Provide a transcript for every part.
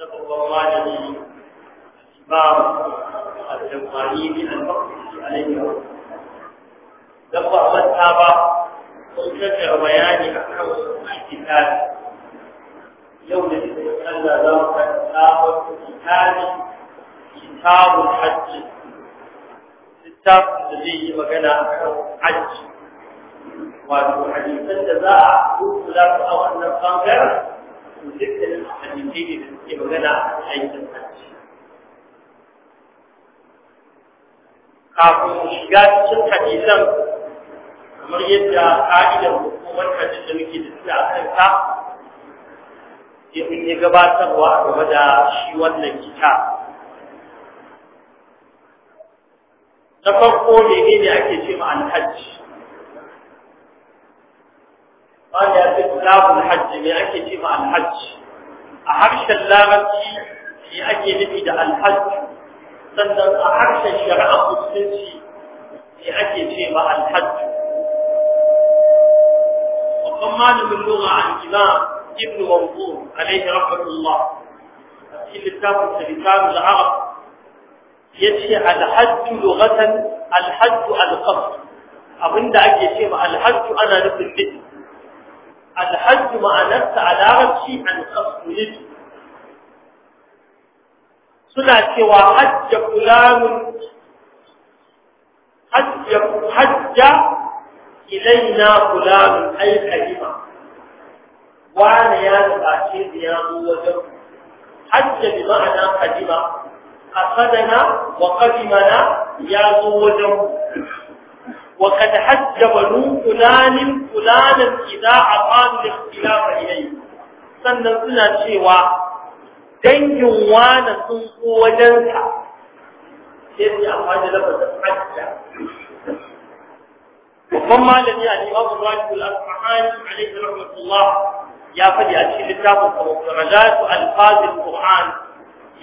الغراني الإمام الجمعاني المقدسي عليه لما أمتها با منتشر بياني الاحتفال يوم الاستقلال لو كان كتاب كتاب الحج كتاب الذي مكان حج وحديثا جزاء كل لا أو أن القنقر dukkanin hadisai ne da suke magana a aikin hajji kafin shiga cikin hadisan kamar yadda ka'idar hukumar hajji da muke da suna a kanta sai in yi gabatarwa a game da shi wannan kita na farko menene ake ce ma alhaji قال يا كتاب الحج ما ake ce ma alhajj a harshen larabci shi ake nufi da alhajj sannan a harshen shari'a musulunci shi ake ce ma alhajj babban malamin lura an gina ibn manzur alaihi rahmatullah a cikin littafin da al'arab ya ce alhajj lugatan alhajj alqasd abinda ake ce ma alhajj ana nufin nufi الحج معناتها على رشي عن أصله سنة وحج فلان حج حج إلينا فلان أي كلمة وأنا يا الأخير يا وجب حج بمعنى قدمة أخذنا وقدمنا يا وجب وقد حج بنو فلان فلانا إذا أقام الاختلاف إليه sannan suna cewa dangin wane sun ko wajensa sai su amma da lafazin hajja babban malami a neman al al'asmahani alaihi rahmatullah ya faɗi a cikin littafin kawai rajatu alfazin qur'an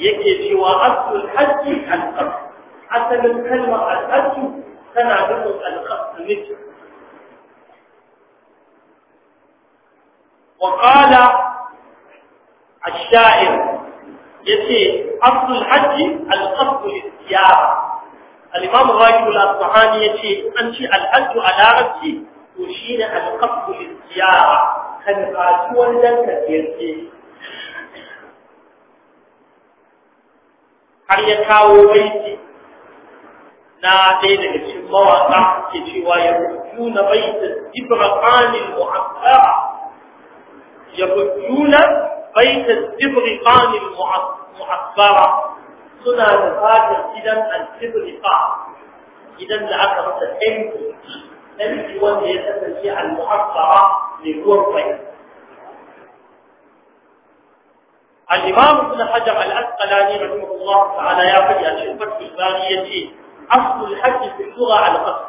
yake cewa asul hajji al asalin kalmar al tana nufin alƙasar mutum. Waƙala a sha’in ya ce, Abdul Hajji alƙasar istiyara, al’imamu Rajul al ya ce, an ci al’adu a larabci, to shi ne alƙasar istiyara, kan rasuwar danka ce. Har ya kawo baiti نادين الله تحكي شوى يبجون بيت الزبرقان المعسرة يبجون بيت الزبرقان المعسرة سنة نفاجة جدا الزبرقان جدا لأكبر تحمد أنت وان يتفجيع المعسرة للورقين الإمام ابن حجر الأسقلاني رحمه الله تعالى يا فجأة شفت في الباغية أصل الحج في اللغة على أصل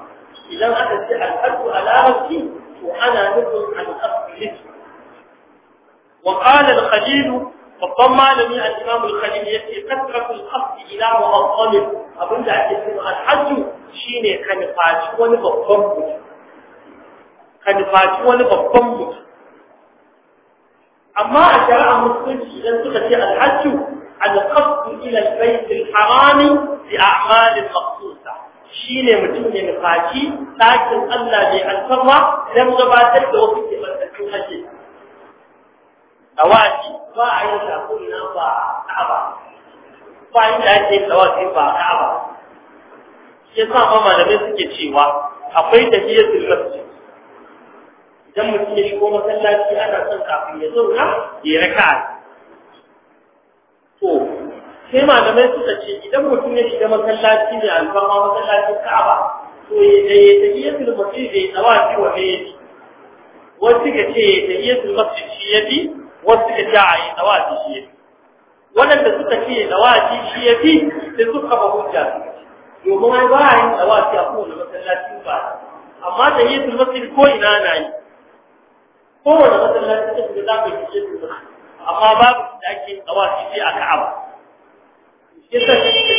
إذا ما أتت الحج على أصل وانا نظر عن أصل لك وقال الخليل فالضمى لمي الإمام الخليل يسي كثرة الأصل إلى مؤظمه أبن دع تسمع الحج شيني كان فاجئون بالضمه كان أما أجراء مصرشي إذا تخذي الحج على القصد إلى البيت الحرام لأعمال المقصود shi ne mutum ya nufaci ɗakin Allah mai alfarma don gabatar da wasu ke matsatsun ake. A waci ba a yi shafin na ba a ba da ake yin tsawafi ba ba. Shi sa ma malamai suke cewa akwai tafiyar zulmarci. Idan mutum ya shigo masallaci ana son kafin ya zauna ya yi raka'a sai malamai suka ce idan mutum ya shiga masallaci ne alfarma masallacin ka'aba to ya da ya tafi ya sulma da ya tsawa ce wa ya yaji wasu ka ce ya tafi ya sulma shi ya yaji wasu ka ce a yi tsawa shi ya fi, waɗanda suka ce ya tsawa shi ya fi, sai suka kama hujja domin ai ba a yin tsawa ce a kowane masallacin ba amma da yi sulma ko ina na yi kowane masallaci ta shiga za ka yi shi amma babu da ake tsawa ce a ka'aba yasa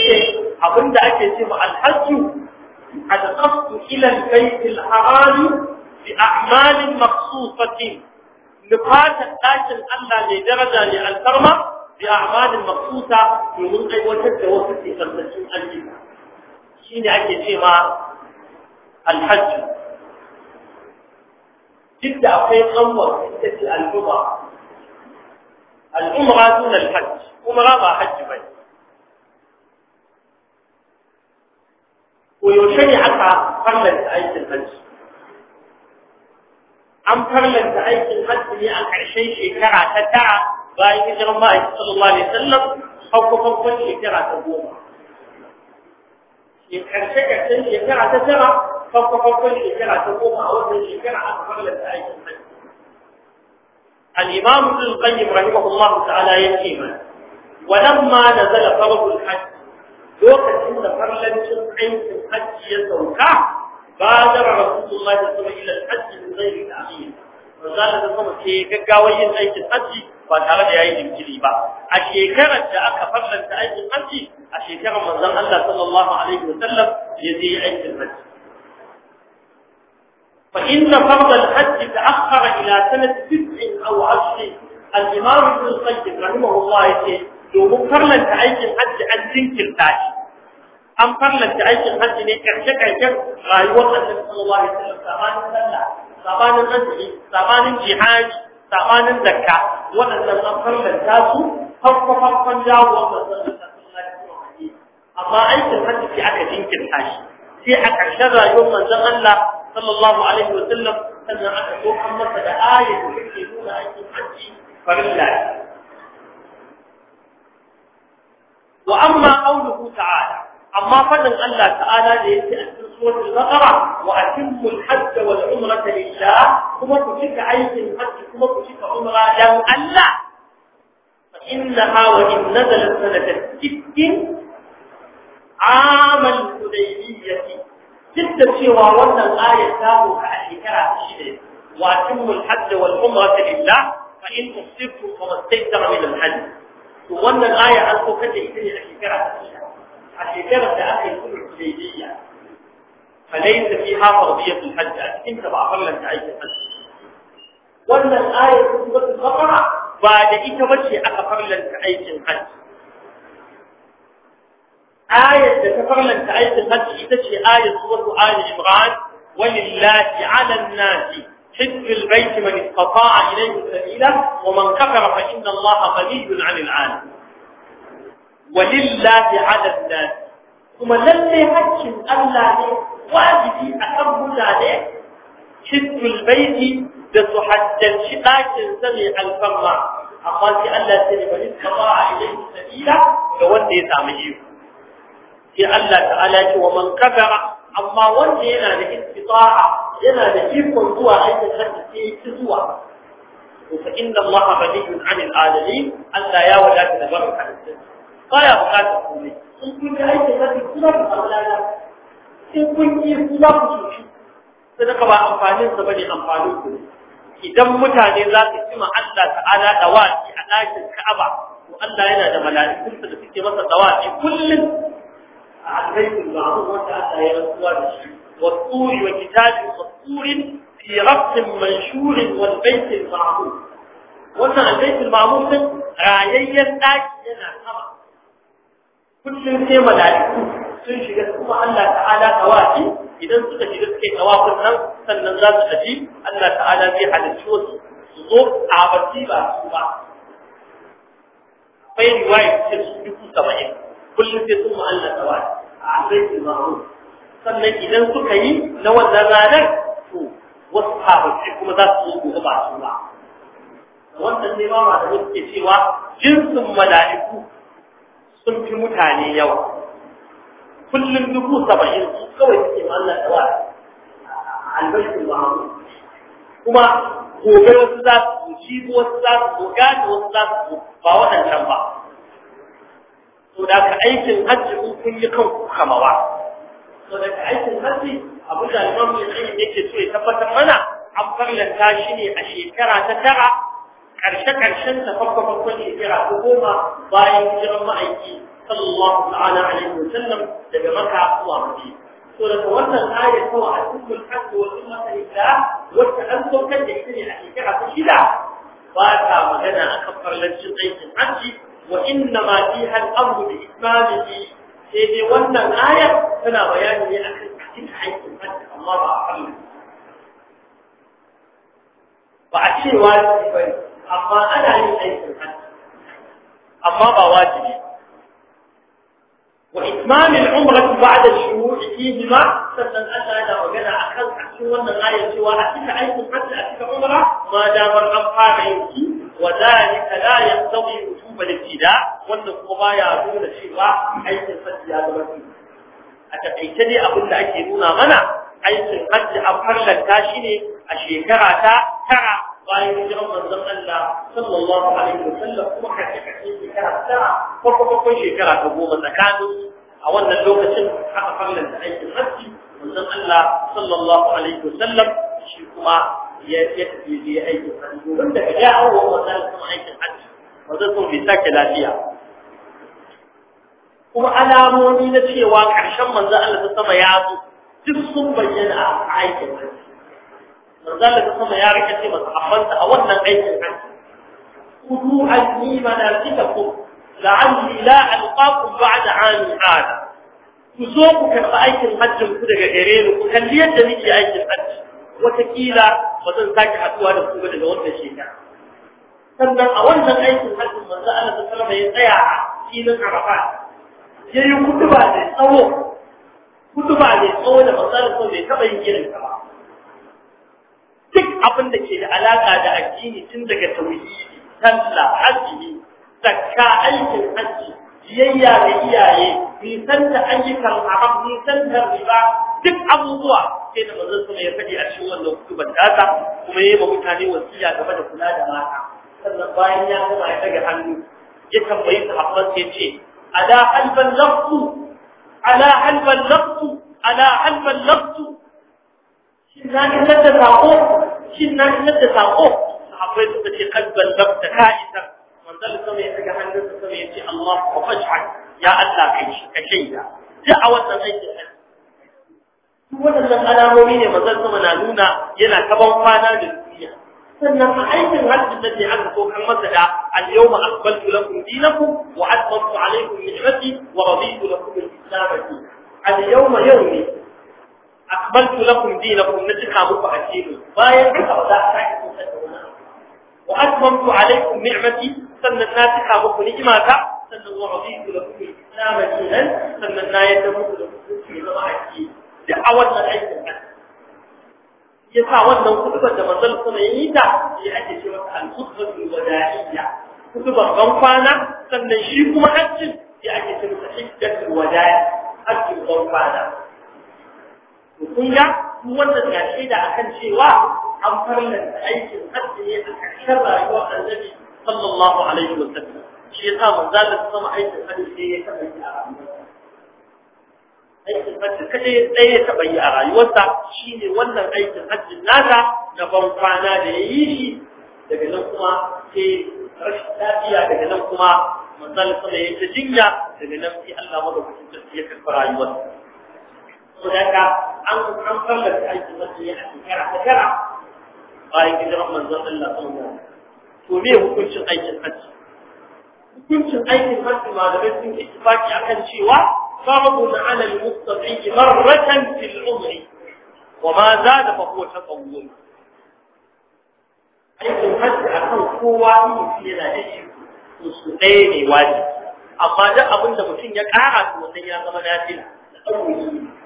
ce abinda ake ce ma alhajju al-qasdu ila al-bayt al-haram bi a'mal makhsusah nufatan dakin Allah ne daraja ne al-karma bi a'mal makhsusa domin aiwatar da wasu tsantsancin aljina shine ake ce ma alhaju? duk da akwai kanwa ita ce al-umra al alhaji, dun ba hajji bai. ko yaushe ne aka farlanta aikin hajji an farlanta aikin hajji ne a ƙarshen shekara ta tara bayan hijirar ma'aiki sallallahu alaihi sallam, farko-farkon shekara ta goma ƙarshe-ƙarshen shekara ta tara farko-farkon shekara ta goma a wannan shekara aka farlanta aikin hajji الإمام ابن القيم رحمه الله تعالى ma ولما نزل فرض الحج lokacin da farlancin aikin hajji ya sauka ba rasulullahi sallallahu alaihi wasallam ila al-hajji min ghairi ba manzala da sama ke gaggawar yin aikin hajji ba tare da yayi jinkiri ba a shekarar da aka farlanta aikin hajji a shekarar manzon Allah sallallahu alaihi wasallam ya je aikin hajji فإن فرض الحج تأخر إلى سنة تسع أو عشر الإمام ابن القيم رحمه الله domin farlanta aikin hajji an jinkirta shi an farlanta aikin hajji ne karshe-karshen rayuwar annabi sallallahu alaihi wasallam sabanin sallah sabanin azumi sabanin jihadi sabanin zakka waɗannan an farlanta su farko farkon jawo wannan amma aikin hajji sai aka jinkirta shi sai a ƙarshen rayuwar manzon Allah sallallahu alaihi wasallam sannan aka zo an masa da ayatu da ke nuna aikin hajji farilla wa amma qawluhu ta'ala amma fadin Allah ta'ala da yake a cikin suratul baqara wa atimmu al-hajj wal umrata lillah kuma ku cika aikin hajji kuma ku cika umra dan Allah fa innaha wa in nazalat sanatan sittin amal hudaybiyyah duk da cewa wannan ayar ta roka a shekara ta shida wa atimmu al-hajj wal umrata lillah fa in tusibtu fa mastaysara min al-hajj to wannan aya an ko ita ne a shekara ta a shekara da aka yi kullu kulliyya falaysa fiha fardiyatu hajj in ka ba fallan ta aikin hajj wannan aya ta surat al ba da ita bace aka fallan ta aikin hajj aya da ta fallan ta aikin hajj ita ce aya suratu ali imran ولله على الناس حب البيت من استطاع إليه سبيلا ومن كفر فإن الله غني عن العالم ولله على الناس ثم للي حكم ألا واجبي أكبر عليه حب البيت بصحجة شقاك سمع الفرع في ألا سلم من استطاع إليه سبيلا فولي تعمليه في الله تعالى ومن كفر amma wanda yana da istita'a yana da ikon zuwa aikin hajji sai ya zuwa to fa inna Allah ghaniyun 'anil 'alamin Allah ya wadata da barin Ba ya bukatar komai in kun ga aikin hajji kuma ku amlala in kun yi kuma ku cuci sadaka ba amfanin sa bane amfanin ku idan mutane za su ma Allah ta'ala dawaki a ɗakin Ka'aba to Allah yana da mala'ikunsa da suke masa dawaki kullum والطور وكتاب مسطور في رفض منشور والبيت المعمول وانا البيت المعمول رايي الساج هنا طبعا كل شيء في مدارك كل شيء يسمى الله تعالى توافي إذا انت تجدت كي توافرنا فالنظرات الأجيب الله تعالى بيح على الشوز ظهور عبدي بها سبعة في رواية كثير سبعة kullum sai sun Allah tawari a asaitul ma'ruf sannan idan suka yi na wannan ranar to wasu sahabbai kuma za su yi gobe ba su ba wannan ne ma ma da suke cewa jinsin mala'iku sun fi mutane yawa kullum dubu saba'in su kawai suke ma Allah tawari albaitul ma'ruf kuma gobe wasu za su ci wasu za su goga da wasu za su ba waɗancan ba to da ka aikin hajji in kun yi kan ku kamawa to da ka aikin hajji abin da Imam Al-Qayyim yake so ya tabbatar mana an farlanta shi ne a shekara ta tara karshe-karshen ta farko farkon shekara ko goma bayan hijiran ma'aiki sallallahu ta'ala alaihi wa sallam daga maka zuwa Madina to daga wannan ayar kawai a cikin hakku wasu masarita wacce an saukar da ita ne a shekara ta shida ba ta magana a kan farlancin aikin hajji wa inna har fiha al-amru bi sai dai wannan aya tana bayani ne akan cikin haƙƙin hadda amma ba a kalla ba a ce wajibi ba amma ana yin amma ba wajibi وإتمام العمرة بعد الشروع فيهما فسن أسعد وقال أخذ أحسن وأن الآية سوى أتك عيد حتى أتك عمرة ما دام الأبقى عينك وذلك لا يقتضي وجوب الابتداء وأن القضايا دون الشراء عيد الفتح يا دمتي أتبعيتني أقول لك يدونا منع عيد الفتح أبقى لك تاشيني الشيكرة ترى bayan hijiran Allah sallallahu alaihi wasallam kuma ka tafi shekara tara ko ko shekara ta goma tsakanin a wannan lokacin aka fallanta aikin hajji manzon Allah sallallahu alaihi wasallam shi kuma ya ya tafi aikin hajji wanda ya hawo wannan kuma aikin hajji wanda sun lafiya kuma alamomi na cewa ƙarshen manzon Allah ta sama ya zo duk sun bayyana a aikin hajji manzala ta sama ya rika ce masa abanta a wannan aikin an kudu an ni mana kika ku la'alli la alqakum ba'da ami hada ku zo ku karɓi aikin hajjin ku daga gare ni ku kalli yadda nake aikin hajji wataƙila ba zan sake haɗuwa da ku daga wannan shekara sannan a wannan aikin hajjin manzo Allah ta sallama ya tsaya a filin Arafat ya kutuba mai tsawo kutuba mai tsawo da masarar sau mai taɓa yin irin ta ba duk abin da ke da alaƙa da addini tun daga tauhidi sallah hajji zakka aikin hajji biyayya ga iyaye nisan da ayyukan haram nisan da riba duk abubuwa sai da manzon sama ya faɗi a cikin wannan kutuban dasa kuma ya yi ma mutane wasiya game da kula da mata sannan bayan ya gama ya daga hannu ya tambayi sahabban sai ce ala hal ballaqtu ala hal ballaqtu ala halban ballaqtu shin za ka isar da saƙo shin na isar da saƙo sahabbai suka ce kad ballabta ka isar manzal sama ya daga hannunsa sama ya ce Allah wa fajhak ya Allah kai shi ka shaida da'awar nan aikin nan waɗannan alamomi ne manzal sama na nuna yana kaban kwana da duniya sannan a aikin hajjin da ne aka kokar masa da al-yawma akmaltu lakum dinakum wa atmamtu alaykum ni'mati wa raditu lakum al-islam al-yawma yawmi أقبلت لكم دينكم نتي خابوا عجيبا بايل بك وأتممت عليكم نعمتي سنة الناس خابوا نجماك سنة الله لكم إسلام دينا سنة الناية تموت لكم نتي خابوا عجيبا دعوة العيسة يساوان نوت كتبة مظل صنعيدة لأجل شوك أن تدخل الوداعية كتبة غنفانة أجل لأجل شوك أن تدخل الوداعية kun ga wannan ga shaida akan cewa an farlanta aikin hajji ne a ƙarshen rayuwar annabi sallallahu alaihi wa sallam shi sa manzo Allah sama aikin hajji ne ya taɓa yi a rayuwarsa aikin hajji kaje ɗaya ya taɓa yi a rayuwarsa shine wannan aikin hajji nasa na ban kwana da ya shi daga nan kuma sai rashin lafiya daga nan kuma manzo Allah sama ya ta jinya daga nan sai Allah madaukakin sarki ya karɓi rayuwarsa sadaka an an sallar da aiki mace ya a shekara ta shara bayan hijirar manzon Allah sun To me hukuncin aikin hajji? Hukuncin aikin hajji ma sun ke akan cewa babu na ala al-mustafi marratan fil umri wa ma zada fa huwa taqawwum. Aikin hajji akan kowa ne yana da shi to su ɗaya ne wajibi. Amma duk abin da mutum ya kara to sai ya zama na fi da ɗaukar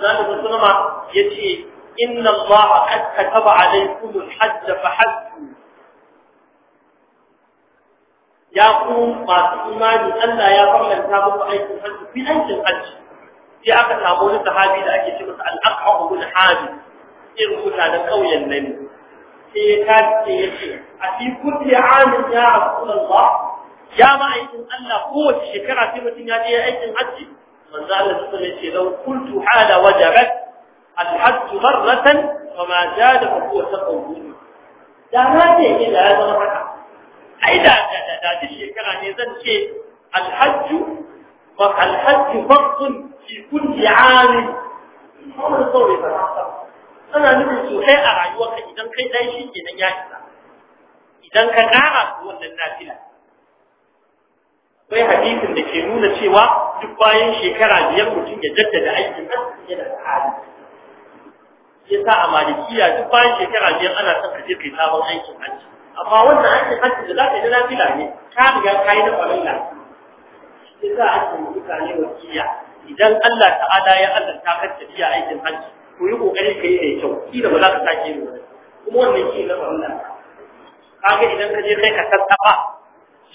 zaka ga sunama yace inna allaha qad kataba alaykum al-hajj fa hajju ya ku masu imani Allah ya farlanta muku aikin hajji fi aikin hajji sai aka samu wani sahabi da ake ce masa al-aqwa ibn hadi irin mutanen kauyen nan sai ya kace yace a fi kulli amin ya rasulullah ya ma'aikin Allah kowace shekara sai mutum ya je aikin hajji Maza زال تسمى لو قلت حال وجبت الحج مرة وما زاد فهو تقوم da na ce ke da ya zama haka ai da da da duk shekara ne zan ce alhajju fa alhajju fardun fi kulli aam kuma sauri fa ana nufin sosai a rayuwarka idan kai dai shi ke nan idan ka wannan nafila akwai hadisin da ke nuna cewa duk bayan shekara biyar mutum ya jaddada aikin asibiti da tsari ya sa a malikiya duk bayan shekara biyar ana son ka je kai sabon aikin hajji amma wannan aikin hajji da za ka yi na fila ne ka riga ka yi na falilla ya sa ake mutane wakiliya idan Allah ta'ala ya allanta ka tafiya aikin hajji ko yi kokari ka yi mai kyau da ba za ka sake yi kuma wannan shi na Ka ga idan ka je kai ka tattaba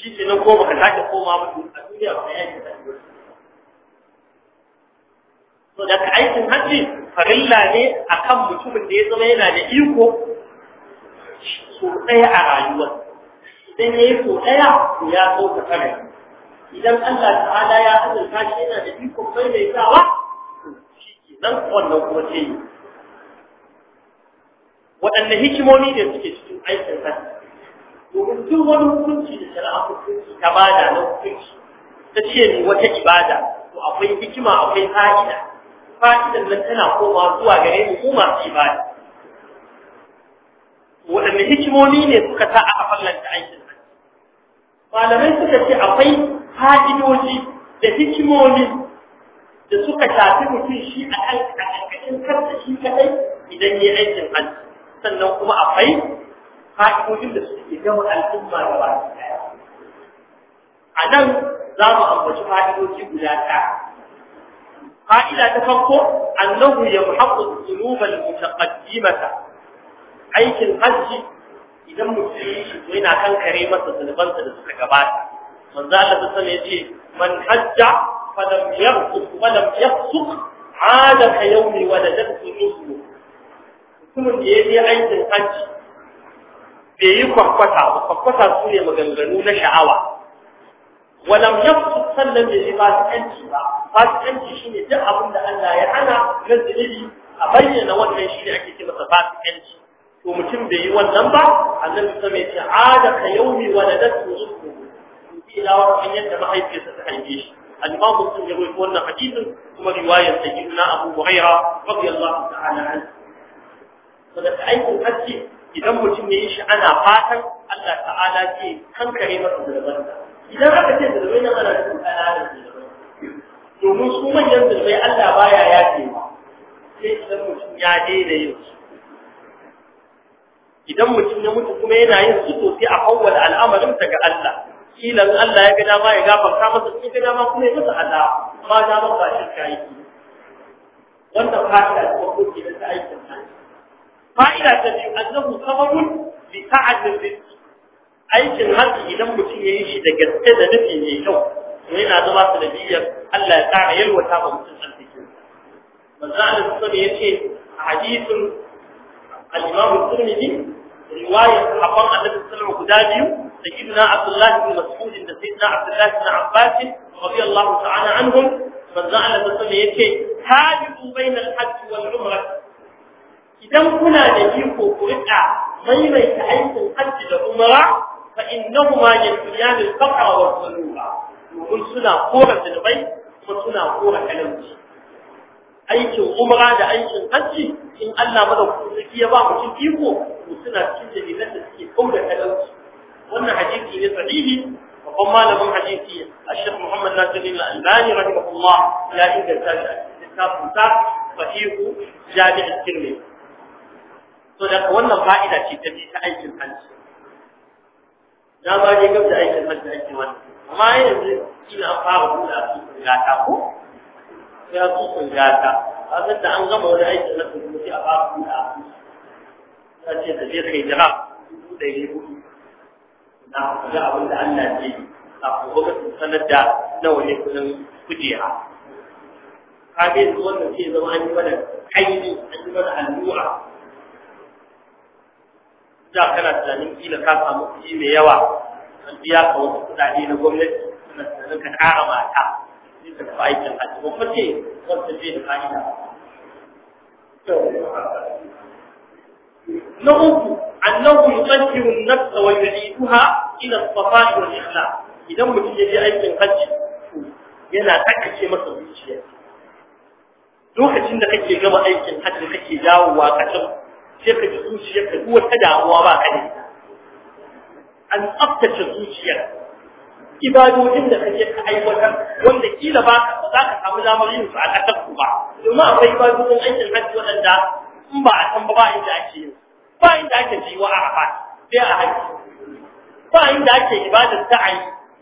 shi ke nan ko baka sake koma ba a duniya ba ya yi so da ka aikin hajji farilla ne akan mutumin da ya zama yana da iko Sosai a rayuwa. idan ya yi so ɗaya to ya so kare idan Allah ta'ala ya azurta shi yana da iko mai mai sawa shi ke nan wannan kuma ce waɗanne hikimomi ne suke cikin aikin hajji domin duk wani hukunci da shari'a hukunci ta bada na hukunci ta ce ni wata ibada to akwai hikima akwai fa'ida fa'idan nan tana koma zuwa gare mu ko masu ibada waɗanne hikimomi ne suka sa aka fallanta aikin nan malamai suka ce akwai fa'idoji da hikimomi da suka shafi mutum shi a kan ƙarƙashin shi kaɗai idan ya aikin hajji sannan kuma akwai ka'idojin da suke gama al'umma da ba a nan za mu ambaci fa'idoji guda ta fa'ida ta farko annahu ya dhunuba al-mutaqaddimata aikin hajji idan mutum yana kare masa zunubansa da suka gabata manzo Allah ta sani yace man hajja falam kuma walam yafsuq ada ka yawmi waladatu minhu kuma da yayi aikin hajji bai yi kwakwata ba kwakwata su ne maganganu na sha'awa walam yaqtu sannan bai yi fasikanci ba fasikanci shine duk abin da Allah ya hana na zunubi a bayyana wannan shi ne ake ce masa fasikanci to mutum bai yi wannan ba annabi sama ya ce ada ka yaumi waladatu ummu ila kan yadda mahaifiyarsa ta haife shi al-imam ya rawaito wannan hadisin kuma riwayar sayyidina abu hurairah radiyallahu ta'ala anhu saboda aikin hajji idan mutum ya yi shi ana fatan Allah ta'ala ce kankare masa zulubansa idan aka ce zai yana ana cikin da zulubai domin su manyan sai Allah baya ya ce sai idan mutum ya daina yin su idan mutum ya mutu kuma yana yin su to sai a hawwal al'amarin ta ga Allah kila Allah ya ga dama ya gafarta masa in ga dama kuma ya masa azaba ma dama ba shi kai wannan fata ko ke da aikin Allah fa'ida ta biyu annahu sababun li ta'atil rizqi aikin haji idan mutum ya yi shi da gaske da nufi mai kyau to na zama sanadiyar Allah ya ƙara yalwata ba mutum arzikin manzo Allah sun yace hadithun al-Imam Tirmidhi riwayar sahabban Annabi sallallahu guda biyu da Ibn Abdullah ibn Mas'ud da Abdullahi Abdullah ibn Abbas radiyallahu ta'ala anhum manzo Allah ya yace tabi'u bainal hajj wal umrah idan kuna da iko ku rika maimaita aikin hajji da umara fa innahuma yanfiyani al-faqa wa al-dhunuba domin suna kora zunubai kuma suna kora talauci aikin umara da aikin hajji in Allah madaukaki ya ba mutum iko to suna cikin dalilan da suke kauda talauci wannan hadisi ne sahihi babban malamin hadisi Sheikh Muhammad Nasiruddin Al-Albani rahimahullah ya inganta shi a cikin tafsir sahihu Jami' tirmidhi to da wannan fa'ida ce ta ta aikin hajji na ba ne gab da aikin hajji ake wannan amma yanzu kina fara buɗe a cikin gata ko ya cikin gata a da an gama wani aikin na kudu sai a fara buɗe a cikin ta ce da zai kai jira dubu ɗari hudu na ga abin da Allah ke a kuma sanar da nawa ne kudin kujera kafin wannan sai zama an yi mana kaini an yi mana allura da kana tunanin kila ka samu kuɗi mai yawa an biya ka wasu kuɗaɗe na gwamnati suna tunanin ka ƙara mata sai ka tafi aikin hajji ba ce wanda zai da fa'ida na uku annahu yuqaddiru an-nafs wa yu'iduha ila as-safa'i wal ikhlas idan mutum ya je aikin hajji yana tsakace masa zuciya lokacin da kake gama aikin hajji kake dawowa ka sai ka ji zuciyarka duk wata damuwa ba ka an tsaftace zuciyar ibadodin da kake ka aiwatar wanda kila ba ka za ka samu damar yin su a ƙasar ku ba domin akwai ibadodin aikin hajji waɗanda in ba a san ba inda ake yi ba inda ake jiwa a haɓa sai a hajji ba inda ake ibadar sa'ayi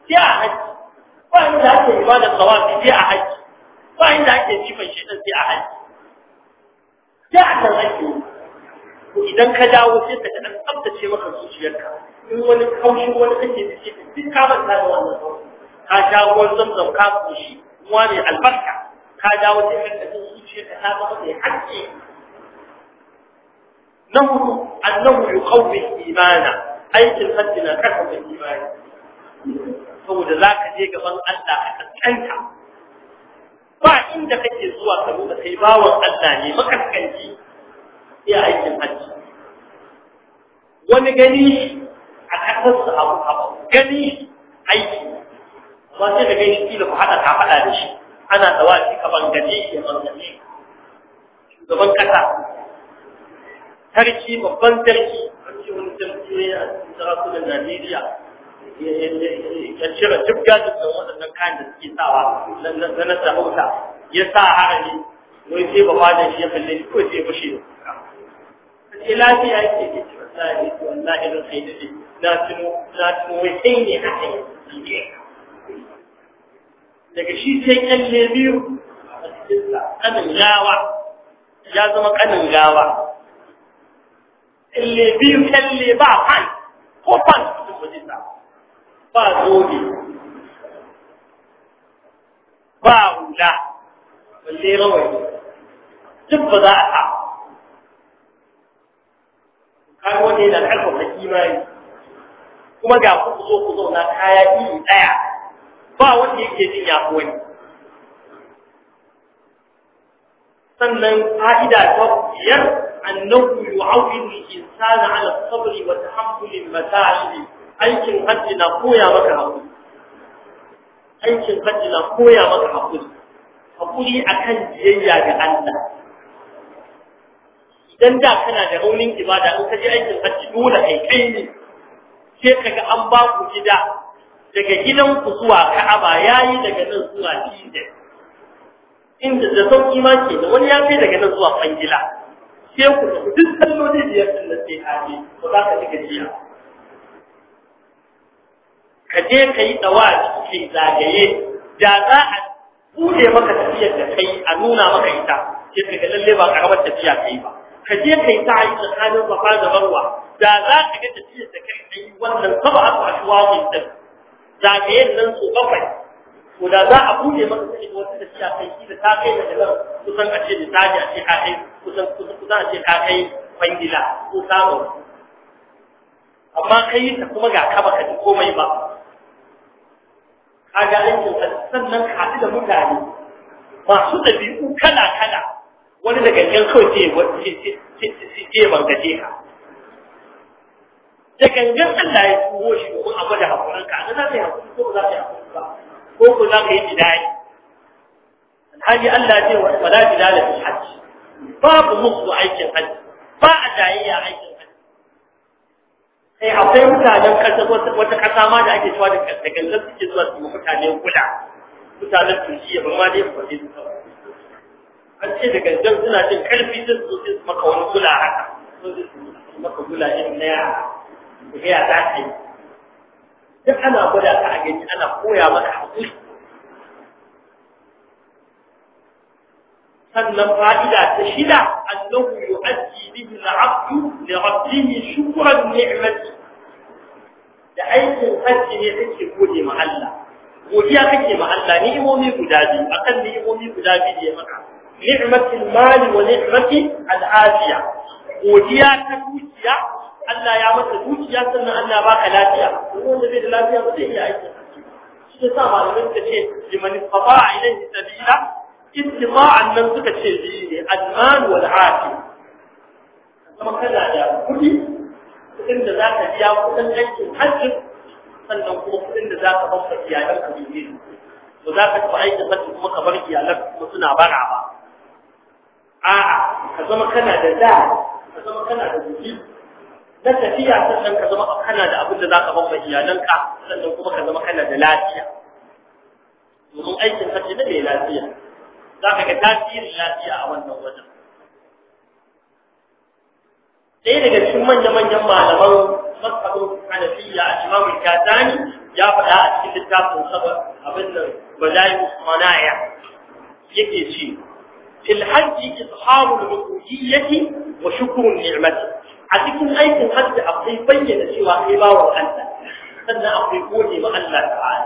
sai a hajji ba inda ake ibadar tsawafi sai a hajji ba inda ake jifan shaitan sai a hajji sai a san ake yi. idan ka dawo sai ka dan tsaftace maka zuciyarka in wani kaushi wani kake ciki duk ka manta da wannan ka sha ruwan zamzam ka koshi ruwa mai albarka ka dawo sai ka tsaftace zuciyarka ta zama mai hakki nahu annahu yuqawwi imana aikin hajji na karfafa imani saboda za ka je gaban Allah a kaskanta ba inda kake zuwa ka nuna kai bawan Allah ne makaskanci sai aikin hajji wani gani a ƙasarsa abu abu gani aiki amma sai da gani kila ku haɗa kafaɗa da shi ana da tsawafi ka bangaje ya bangaje shugaban ƙasa sarki babban sarki an ce wani sarki ne a sarakunan najeriya ya cire duk gadin da waɗannan kayan da suke sawa na na sarauta ya sa harami wai sai ba fadin shi ya kalle ko sai ya fashe da kuka sai lafiya yake ke ce wallahi wallahi don sai dai na tuno na tuno wai ne haka yake daga shi sai kalle biyu kanin gawa ya zama kanin gawa kalle biyu kalle ba fan ko fan ba zobe ba hula balle rawaye. duk ba za a har wanda yana karfafa imani kuma ga ku zo ku zauna kaya iri ɗaya. ba wanda yake jin ya wani sannan fa'ida ta biyar annahu yu'awwinu al-insana 'ala as-sabr wa tahammul al-mata'ib aikin hajji na koya maka hakuri aikin hajji na koya maka hakuri hakuri akan biyayya ga Allah dan da kana da raunin ibada in ka je aikin hajji dole kai kai ne sai kaga an ba ku gida daga gidan ku zuwa Ka'aba yayi daga nan zuwa Jidda inda da son ma ke da wani ya kai daga nan zuwa Fangila sai ku tafi duk salloli da din da sai haji ko za ka ji gajiya ka je ka yi dawaji ke zagaye da za a bude maka tafiyar da kai a nuna maka ita sai ka lalle ba karamar tafiya kai ba ka je kai ta yi tsakanin baba da marwa da za ka ga tafiyar da kai kai wannan saba a kasuwa ne da zagayen nan so bakwai ko da za a buɗe maka kai da wata tafiya kai shi da ta kai da nan kusan a ce da ta ji a ce ka kai kusan kusan a ce ka kai kwangila ko samun amma kai ta kuma ga ka baka ji komai ba kaga aikin sannan ka da mutane masu ɗabi'u kala-kala wani daga yan kawai sai bangaje ka da gangan Allah ya tuwo shi domin a gwada haƙurinka a za ta yi haƙuri ko za ka yi haƙuri ba ko ko za ka yi bidayi alhaji Allah ce wa wala bidala fil hajj babu musu aikin hajji ba a jayayya aikin hajji sai akwai mutanen kasa wata kasa ma da ake cewa da gangan suke zuwa su mutane kula mutanen Turkiyya ba ma dai ba ne. su kawai an ce da gangan suna jin karfi sun su sai maka wani kula haka sun su maka kula irin na yara ku ga ya dace duk ana gwada ka a gani ana koya maka hakuri sannan fa'ida ta shida annahu yu'addi bihi al-'abdu li rabbihi shukran ni'mati da aikin hajji ne kake gode ma Allah godiya kake ma Allah ni'imomi guda biyu akan ni'imomi guda biyu da maka نعمة المال ونعمة العافية وديا تكوشيا ألا يا يعمل تكوشيا سنة ألا باقى لاتيا وقال نبيل لاتيا وديه يا عيسى شتا ما لمنك شيء لمن اتطاع إليه سبيلا اتطاع المنزك شيء جيده المال والعافية كما قال يا مولي فإن ذاك ديا وقال عيسى الحجر فلنقوم فإن ذاك ضفك يا يبقى بيهين وذاك فأيك فتك مكبرك يا لك وسنع بغعبا a'a ka zama kana da da ka zama kana da jiki na tafiya sannan ka zama kana da abin da za ka bamba iyalanka sannan kuma ka zama kana da lafiya domin aikin hajji na mai lafiya za ka ga tasirin lafiya a wannan wajen ɗaya daga cikin manya-manyan malaman masabin hanafiya a imamu kazani ya faɗa a cikin littafin sabar abin da bala'i usmanaya yake ce في الحج إظهار العبودية وشكر النعمة عتكن أيكن حج أقضي بيّن سوى إباوة الله ان أقضي مع الله تعالى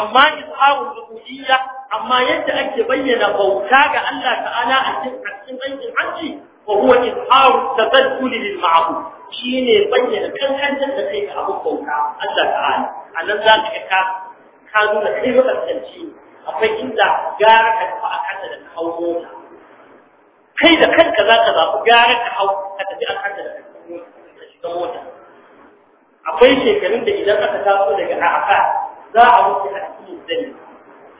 أما إظهار العبودية أما يتاكد بيّن بوتاق الله تعالى أكن أيكن الحج وهو إظهار التبدل للمعبود شيني بيّن كان حج لكي أبو بوتاق الله تعالى أنا ذلك كان كانوا لكي مقصد شيني akwai inda gara ka tafi a kanta da ka hau mota kai da kanka za ka zaɓi gara ka hau ka tafi a kanta da ka shiga mota akwai shekarun da idan aka taso daga arafa za a wuce a cikin zani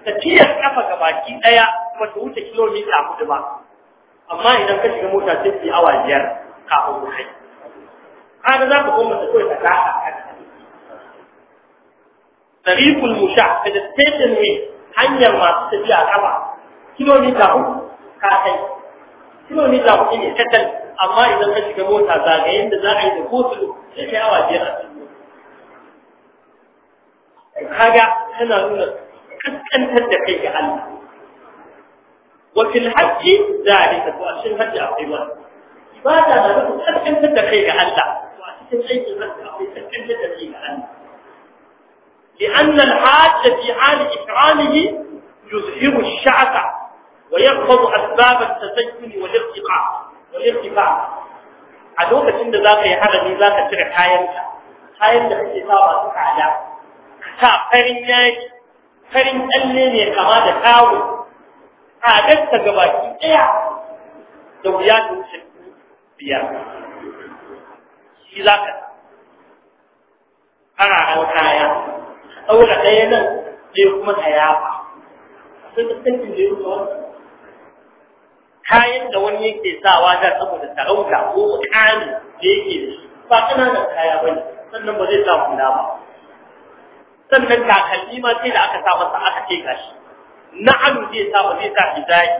tafiyar kafa ga baki ɗaya kuma ta wuce kilomita hudu ba amma idan ka shiga mota sai fi awa biyar kafin ku kai kaga za ka koma ta kawai ta ta'a a kanta. Tariful musha, pedestrian way, hanyar masu tafiya a kafa kilomita uku ka kai kilomita uku ne tattal amma idan ka shiga mota zagayen da za a yi da kotu sai yi awa biyar a cikin kaga tana nuna kaskantar da kai ga Allah wa fil hajji rika to a cikin hajji akwai ba ibada da nufin kaskantar da kai ga Allah to a cikin aikin hajji akwai kaskantar da kai ga Allah لأن الحاج في حال إكرامه يظهر الشعث ويرفض أسباب التسجن والارتقاء والارتفاع a lokacin da za ka yi harami za ka cire kayanka kayan da kake sa ba su kada ta farin yaki farin tsalle ne kama da kawo tsadarsa ga baki ɗaya da ta wuce biyar fararen kaya ɗaura ɗaya nan sai kuma ta yafa akwai mutuncin da ya rufe kayan da wani yake sawa da saboda sarauta ko mukami da yake da shi ba da kaya ba ne sannan ba zai samu kula ba sannan kalli ma sai da aka sa masa aka ce gashi na alu zai sa ba zai sa hidayi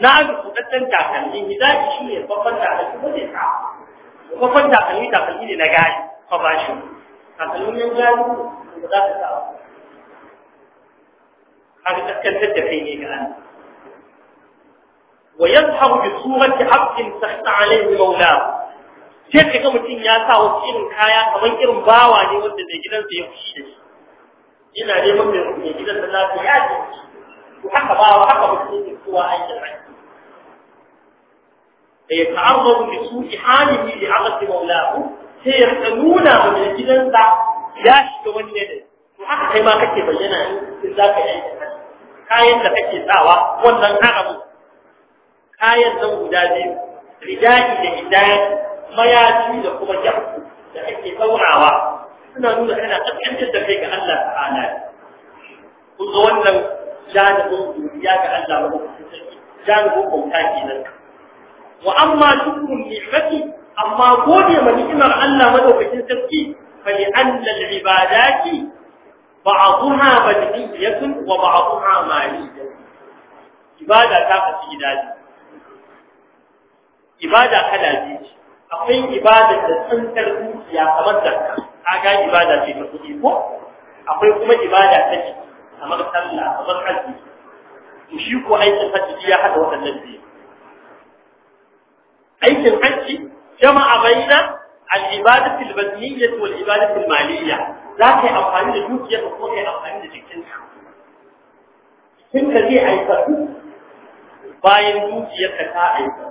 na alu kudatten takalmi hidayi shi ne babban takalmi ba zai sa babban takalmi takalmi ne na gari fa ba shi takalmi ne gari ba za ka sa kaga kaskantar da kai ne ga Allah wa yadhhabu bi surati abdin tahta alayhi mawlahu sai ka ga mutum ya sa wasu irin kaya kamar irin bawa ne wanda mai gidansa ya fushi da shi ina ne mafi mai gidansa na su ya ce ku haka bawa haka mutum ne kowa aikin aiki da ya ta'arrabu bi su ihalihi li aqdi maulahu sai ya nuna wa mai gidansa ya shiga wani ne to haka kai ma kake bayyana in za ka yi kayan da kake tsawa wannan haramun kayan nan guda biyu ridani da hidayi mayaci da kuma jabu da kake saurawa suna nuna kana kaskantar da kai ga Allah ta'ala kun ga wannan janibin duniya ga Allah ba janibin bauta kenan wa amma shukrun ni'mati amma gode ma ni'imar Allah madaukakin sarki فلأن العبادات بعضها بدنية وبعضها مالية ibada ta kasu gida ne ibada kala biyu akwai ibada da tsantar zuciya kamar zakka kaga ibada ce ta kuɗi ko akwai kuma ibada ta kamar sallah kamar hajji to shi ko aikin hajji hada biyu aikin hajji jama'a baina العبادة البدنية والعبادة المالية ذاك أفعال الدوكية وكون أفعال الجكين تلك ذي عيبة باين دوكية كتا عيبة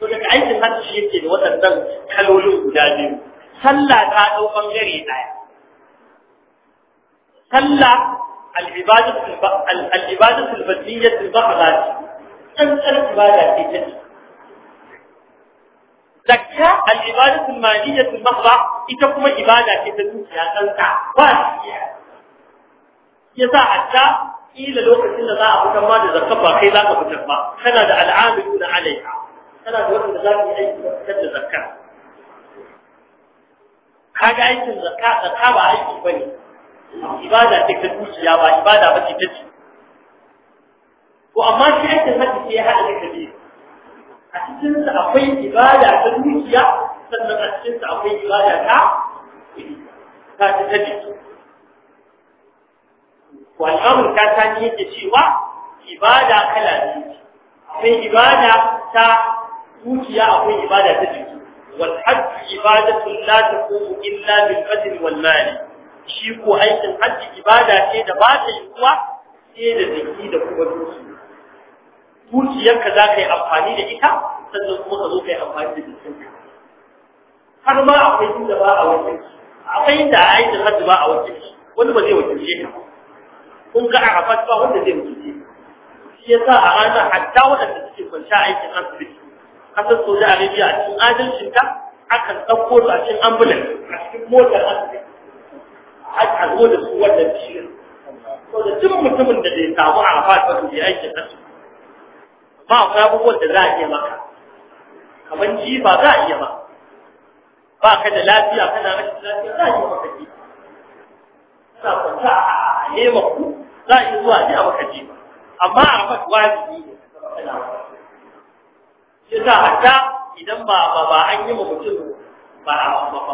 فلك عيبة هذا الشيء كده وتدن كالولو دادين صلى تاتو بنجري دايا صلى العبادة العبادة البدنية البحرات أنت العبادة في تلك zakka al-ibadatu al-maliyatu al-mahdha ita kuma ibada ce ta zuciya kanka ba yasa hatta kila lokacin da za a fitar ma da zakka ba kai za ka fitar ba kana da al'amiluna alaiha kana da wanda za ka yi aiki da fitar da zakka kaga aikin zakka zakka ba aiki ne, ibada ce ta zuciya ba ibada ba ce ta ci to amma shi aikin haka sai ya haɗa da kabiru a cikinsa akwai ibada ta dukiya sannan a cikinsa akwai ibada ta ta ta ta jiki wal'amur ta ta yake cewa ibada kala biyu akwai ibada ta dukiya akwai ibada ta jiki والحج عبادة لا تقوم إلا بالبدن والمال شيكو أيضا حج عبادة كده بعد sai da زكي da kuma دوكي zuciyarka za ka yi amfani da ita sannan kuma ka zo ka yi amfani da jikinka har ma akwai inda ba a wakilci akwai inda a aikin hajji ba a wakilci wani ba zai wakilce ka kun ga arafat ba wanda zai wakilce ka shi yasa a ranar hatta waɗanda suke kwanci aikin asibiti kasar saudi arabia a cikin adalcinta akan ɗauko su a cikin ambulan a cikin motar asibiti a zo da su wannan ciwon. Sau da duk mutumin da zai samu arafat ba su je aikin asibiti ba akwai abubuwan da za a iya maka kamar ba za a iya ba. ba ka da lafiya kana rashin lafiya za a iya maka za a kwanta a nema ku za a iya zuwa a iya maka jifa amma a maka wajibi ne shi a hatta idan ba ba ba an yi ma mutum ba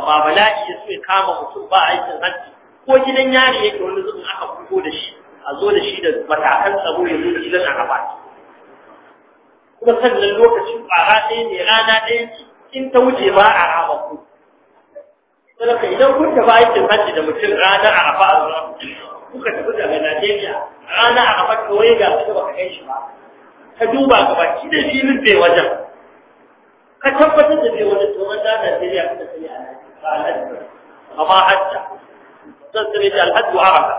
ba bala'i ya so ya kama mutum ba aikin hajji ko gidan yari yake wani zubin aka fito da shi a zo da shi da matakan tsaro ya zo da gidan a raba kuma sannan lokacin ƙwara ɗaya ne rana ɗaya ce in ta wuce ba a raba ku saboda idan kun tafi aikin hajji da mutum rana a rafa a zuwa kuka tafi daga Najeriya rana a rafa kawai ga su da baka kai shi ba ka duba ga baki da filin bai wajen ka tabbatar da bai wajen domin da Najeriya kuka sani a Najeriya amma hajja zan sani da alhaji arafa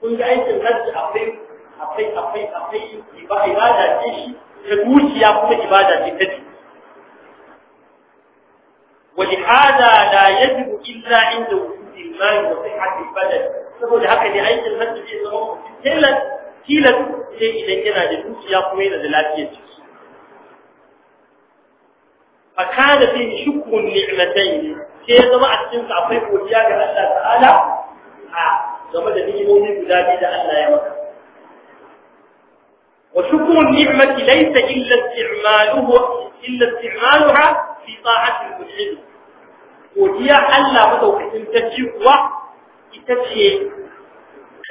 kun ga aikin hajji akwai akwai akwai akwai ibada ce shi ta zuciya kuma ibada ce ta wani hada da ya zubu illa inda wuce mai wata haka ibada saboda haka ne aikin hannu zai zama mutum tilas tilas sai idan yana da zuciya kuma yana da lafiyar ciki a kada fi shukun ni'matai sai ya zama a akwai godiya ga Allah ta'ala game da nimomi guda biyu da Allah ya maka وشكر النعمة ليس إلا استعماله إلا استعمالها في طاعة المنعم وهي ألا بدو كتمتشي هو كتمتشي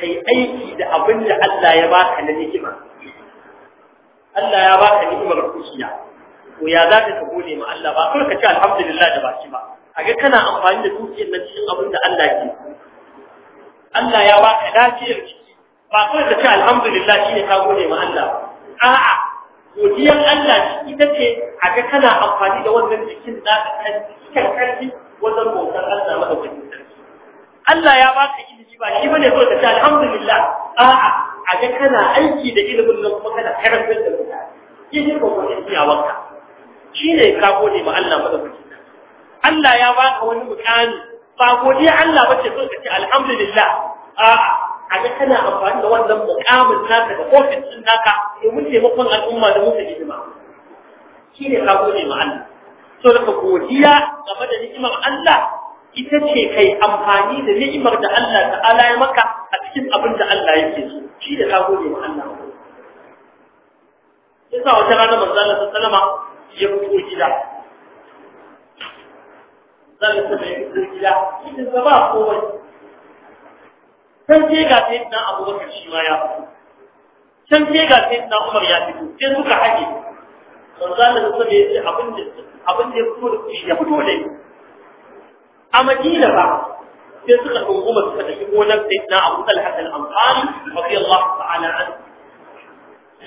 أي أي كيد أبن لألا يباك لنهما ألا يباك لنهما ركوشيا ويا ذاك تقولي ما ألا باك لك كتاء الحمد لله جباك شما أجا كان أمراني لكوشي المنشي أبن لألا يباك لنهما ألا يباك لنهما ba kawai ka ce alhamdulillah shi ne ka gode ma Allah a'a godiyar Allah shi ita ce a ga kana amfani da wannan jikin da ka kan cikin karfi wajen bautar Allah madaukakin sarki Allah ya baka ilimi ba shi bane kawai ka ce alhamdulillah a'a a ga kana aiki da ilimin nan kuma kana karantar da mutane shi ne ko kuma iyawarka shi ne ka gode ma Allah madaukakin sarki Allah ya baka wani mukami ba godiya Allah ba bace so ka ce alhamdulillah a'a a ga kana amfani da wannan mukamin naka da ofis din naka domin taimakon al'umma da musu hidima ne ka gode ma Allah so daga godiya game da ni'imar Allah ita ce kai amfani da ni'imar da Allah ta'ala ya maka a cikin abin da Allah yake so shi ne ka gode ma Allah yasa wata rana manzo Allah sallama ya fito gida zan ta bayyana gida idan ba komai can sai ga sai na abubakar shi ma ya fito can sai ga sai na umar ya fito sai suka haɗe manzana da saboda yace abin da abin da ya fito da shi ya fito ne a madina ba sai suka dunguma suka tafi gonar sai na abu talha al-ansari radiyallahu ta'ala anhu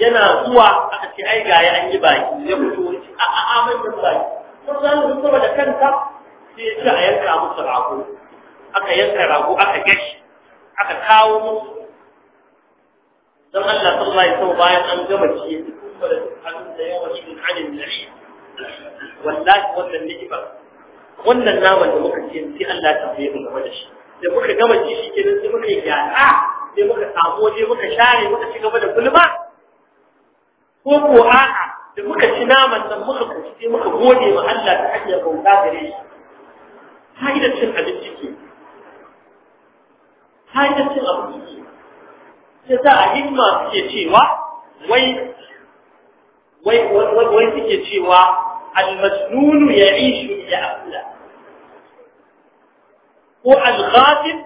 yana zuwa aka ce ai gaya an yi baki ya fito ya ce a a a mai da baki sun zanu su sama da kanta sai ya ce a yanka musu rago aka yanka rago aka gashi aka kawo musu Don Allah sallallahu alaihi wasallam bayan an gama ci kuma da hannun da yawa shi an yi nari wallahi wannan ni'ima wannan naman da muka ci sai Allah ta yi mu game da shi da muka gama ci shi kenan sai muka yi ya'a sai muka samu waje muka share muka ci gaba da gulma ko ko a'a da muka ci naman nan muka sai muka gode ma Allah ta hanyar bauta gare shi fa'idar cin abinci ke hanyar cin abinci ya za a hikma suke cewa wai suke cewa al-masnun ya'ishu ya'kula ko al-ghafil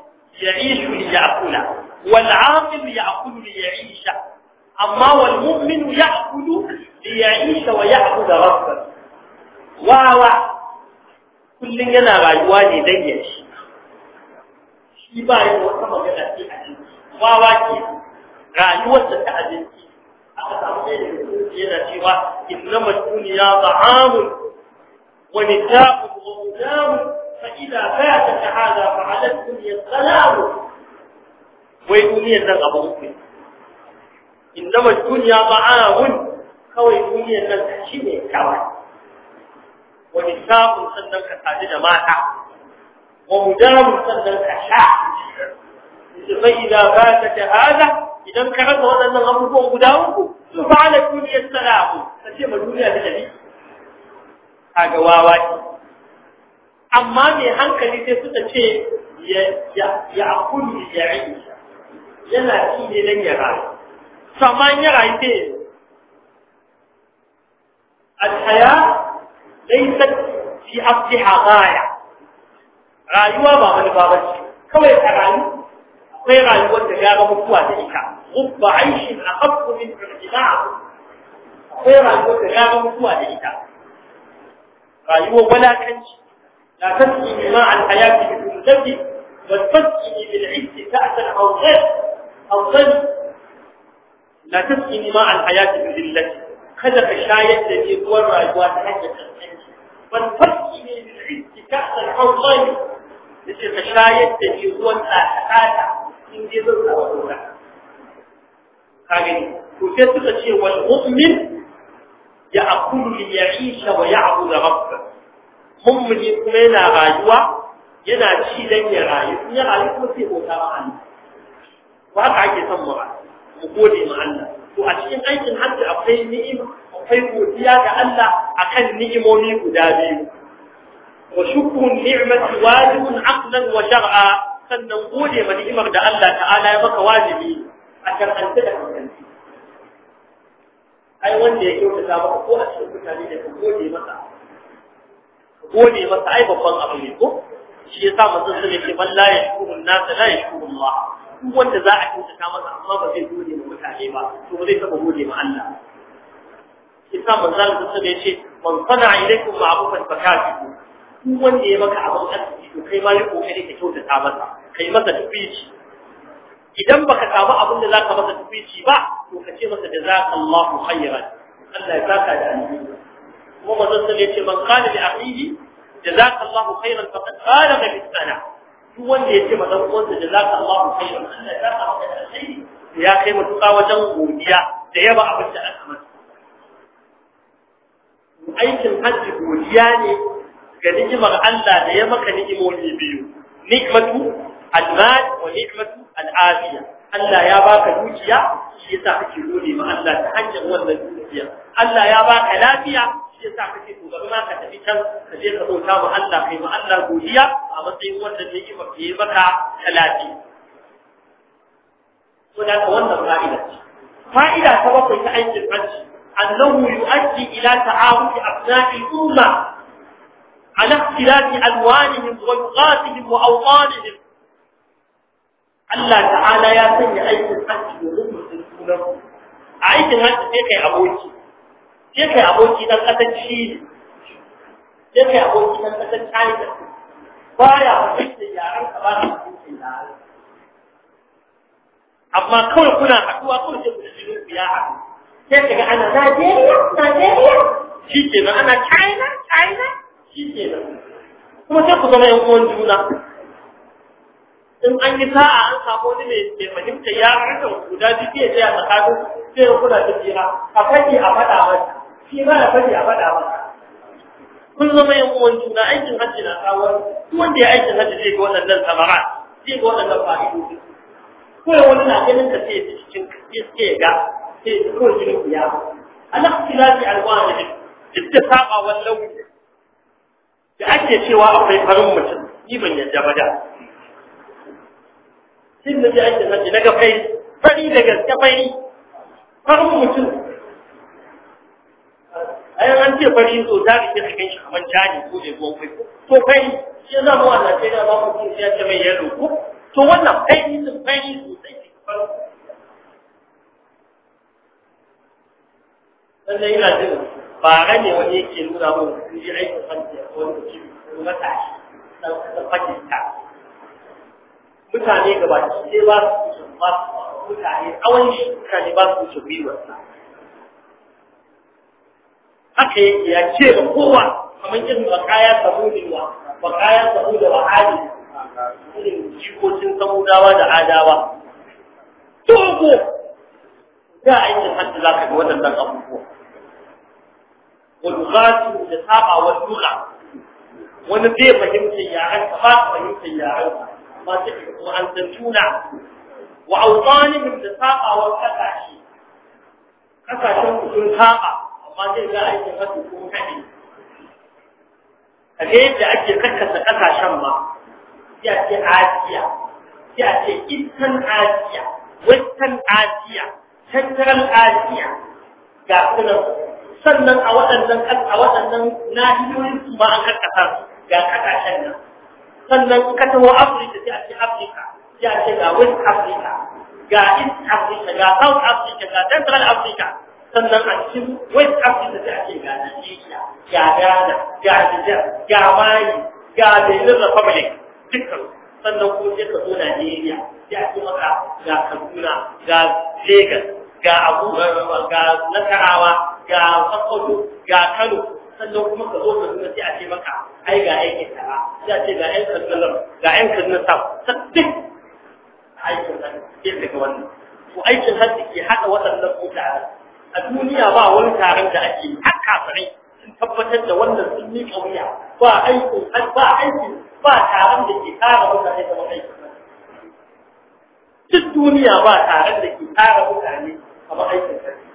ya'ishu ya'kula wal 'aqil ya isha, amma wal mu'min ya isha wa ya ya'budu rabbahu wawa kullun yana rayuwa ne dan yashi shi ba ya da wata magana ce a kuma ba ke rayuwarsa ta abinci aka samu ne yana cewa innama duniya ta'amun wa nisa'un wa mudamun fa idza fataka hada fa 'ala dunya salam wai duniyar nan abu uku innama duniya ta'amun kawai duniyar nan shi ne kawai wa nisa'un sannan ka sadu da mata ومجام سنن كشا فإذا فاتك هذا إذا كرم هذا أن الأمر هو مداومك فعلى كل السلام فسيما الدنيا بالنبي هذا واواك amma mai hankali sai suka ce ya akulu ya yi yana ci don ya rayu saman ya rayu sai alhaya laisar fi abdi rayuwa ba wani ba bace kawai ka rayu akwai rayuwar da ya ga mutuwa da ita gubba aishin ahabbu min ibtida'a akwai rayuwar da ya ga mutuwa da ita rayuwar walakanci la tasqi ma al-hayati bi kulli وتفكني بالعز تحت الأوغاد أوغاد لا تفكني مع الحياة بذلة خذف الشاية التي تورى أجوان حاجة وتفكني بالعز تحت الأوغاد ce ka shayar da ni ruwan tsaka ta, in dai zan samu ruwa ka gani to sai suka ce wal mu'min ya akulu li ya'isha wa ya'budu rabba mummuni kuma yana rayuwa yana ci dan ya rayu in ya rayu kuma sai bauta ma Allah ba ka ake son mu mu gode ma Allah to a cikin aikin hajji akwai ni'ima akwai godiya ga Allah akan ni'imomi guda biyu وشكر النعمة واجب عقلا وشرعا sannan gode ma da Allah ta'ala ya maka wajibi a shar'ance da kankanci ai wanda ya kyautata maka ko a mutane da ka gode masa gode masa ai babban abu ne ko shi yasa manzon sun yake man la yashkuru an-nas la yashkuru Allah duk wanda za a kyautata masa amma ba zai gode ma mutane ba to ba zai gode Allah duk wanda ya maka abin arziki to kai ma yi kokari ka kyautata masa kai masa tufici idan baka samu abin da zaka masa tufici ba to ka ce masa da za jazakallahu khairan Allah ya saka da alheri kuma manzon sai ya ce man qala li akhihi jazakallahu khairan faqad balagha bis sana duk wanda ya ce ma dan uwansa jazakallahu khairan Allah ya saka masa da alheri ya kai mutuka wajen godiya da yaba abin da aka masa aikin hajji godiya ne ga ni'imar Allah da ya maka ni'imomi biyu ni'matu al-mal wa ni'matu al-afiya Allah ya baka dukiya shi yasa kake gode ma Allah ta hanyar wannan dukiya Allah ya baka lafiya shi yasa kake to gaba ka tafi can ka je ka bauta ma Allah kai ma Allah godiya a matsayin wannan ni'imar da ya maka ta lafiya ko da wannan fa'ida ce fa'ida ta bakwai ta aikin hajji annahu yu'addi ila ta'awudi abna'il umma على اختلاف ألوانهم ولغاتهم وأوطانهم Allah ta'ala ya sanya aikin hajji domin musulman a aikin hajji kai aboki sai kai aboki dan kasar Chile sai kai aboki dan kasar China baya fahimtar yaran ka ba ka fahimtar yaran amma kawai kuna haɗuwa kawai sai musulmin ku ya haɗu sai ka ga ana Najeriya Najeriya shi ke ana China China shi na. kuma sai ku zama yan uwan juna in an yi sa'a an samu wani mai fahimta ya rika guda biyu sai ya tsakanin sai ya kula da jira a faɗi a fada mata shi ba a faɗi a faɗa mata kun zama yan uwan juna aikin hajji na su wanda ya aikin hajji zai ga waɗannan samara zai ga waɗannan Ko ya wani na ganin ka sai ya cikin sai ya ga sai ya kawai jirin ya ala ikhtilafi alwanihim duk da saba wallahu da ake cewa akwai farin mutum ni ban yadda ba da sin da ji aikin hajji na gafai fari da gaske fari farin mutum a yi an ce fari so ta rike ka gan shi kamar jani ko ne ko kai to kai shi zama mu wanda ce da ba ku kun ya ce mai yalo ko to wannan fari sun fari sosai ne farin sannan yana jin ba gane wani yake nuna mun sun ji aikin hajji a wani mutum ko matashi dan kasar ta. mutane gaba sai ba su ba mutane awon shi mutane ba su su biyu haka yake ya ce ga kowa kamar irin wa kaya samudewa wa kaya samuda wa hali irin jikokin samudawa da adawa dogo da aikin hajji za ka ga waɗannan abubuwa ولغاته da sabawar lura wani bai fahimtar yaren ka ba ka fahimtar yaren ka masu ma'antantuna wa autanihim da sabawar kasashe kasashen ku sun saba amma zai ga aikin kasu kun haɗe kaga yadda ake kakkasa kasashen ma sai a ce asiya sai a ce eastern asiya sannan a waɗannan a waɗannan nahiyoyin su ma an karkasa su ga kasashen nan sannan in ka taho Afirka sai a ce Afirka sai a ce ga West Africa ga East Africa ga South Africa ga Central Africa sannan a cikin West Africa sai a ce ga Nigeria ga Ghana ga Niger ga Mali ga Benin Republic dukkan sannan ko sai ka zo Najeriya sai a ce maka ga Kaduna ga Lagos ga Abuja ga Nasarawa ga Sokoto ga Kano sannan kuma ka zo ka nuna sai a ce maka ai ga aikin tara sai a ce ga yan kanzalar ga yan kanzalar sa sabbin aikin nan sai daga wannan ko aikin har da ke haɗa waɗannan mutane a duniya ba wani taron da ake har kafirai sun tabbatar da wannan sun yi ƙauya ba aikin ba aikin ba taron da ke tara mutane kamar aikin duk duniya ba taron da ke tara mutane kamar aikin hajji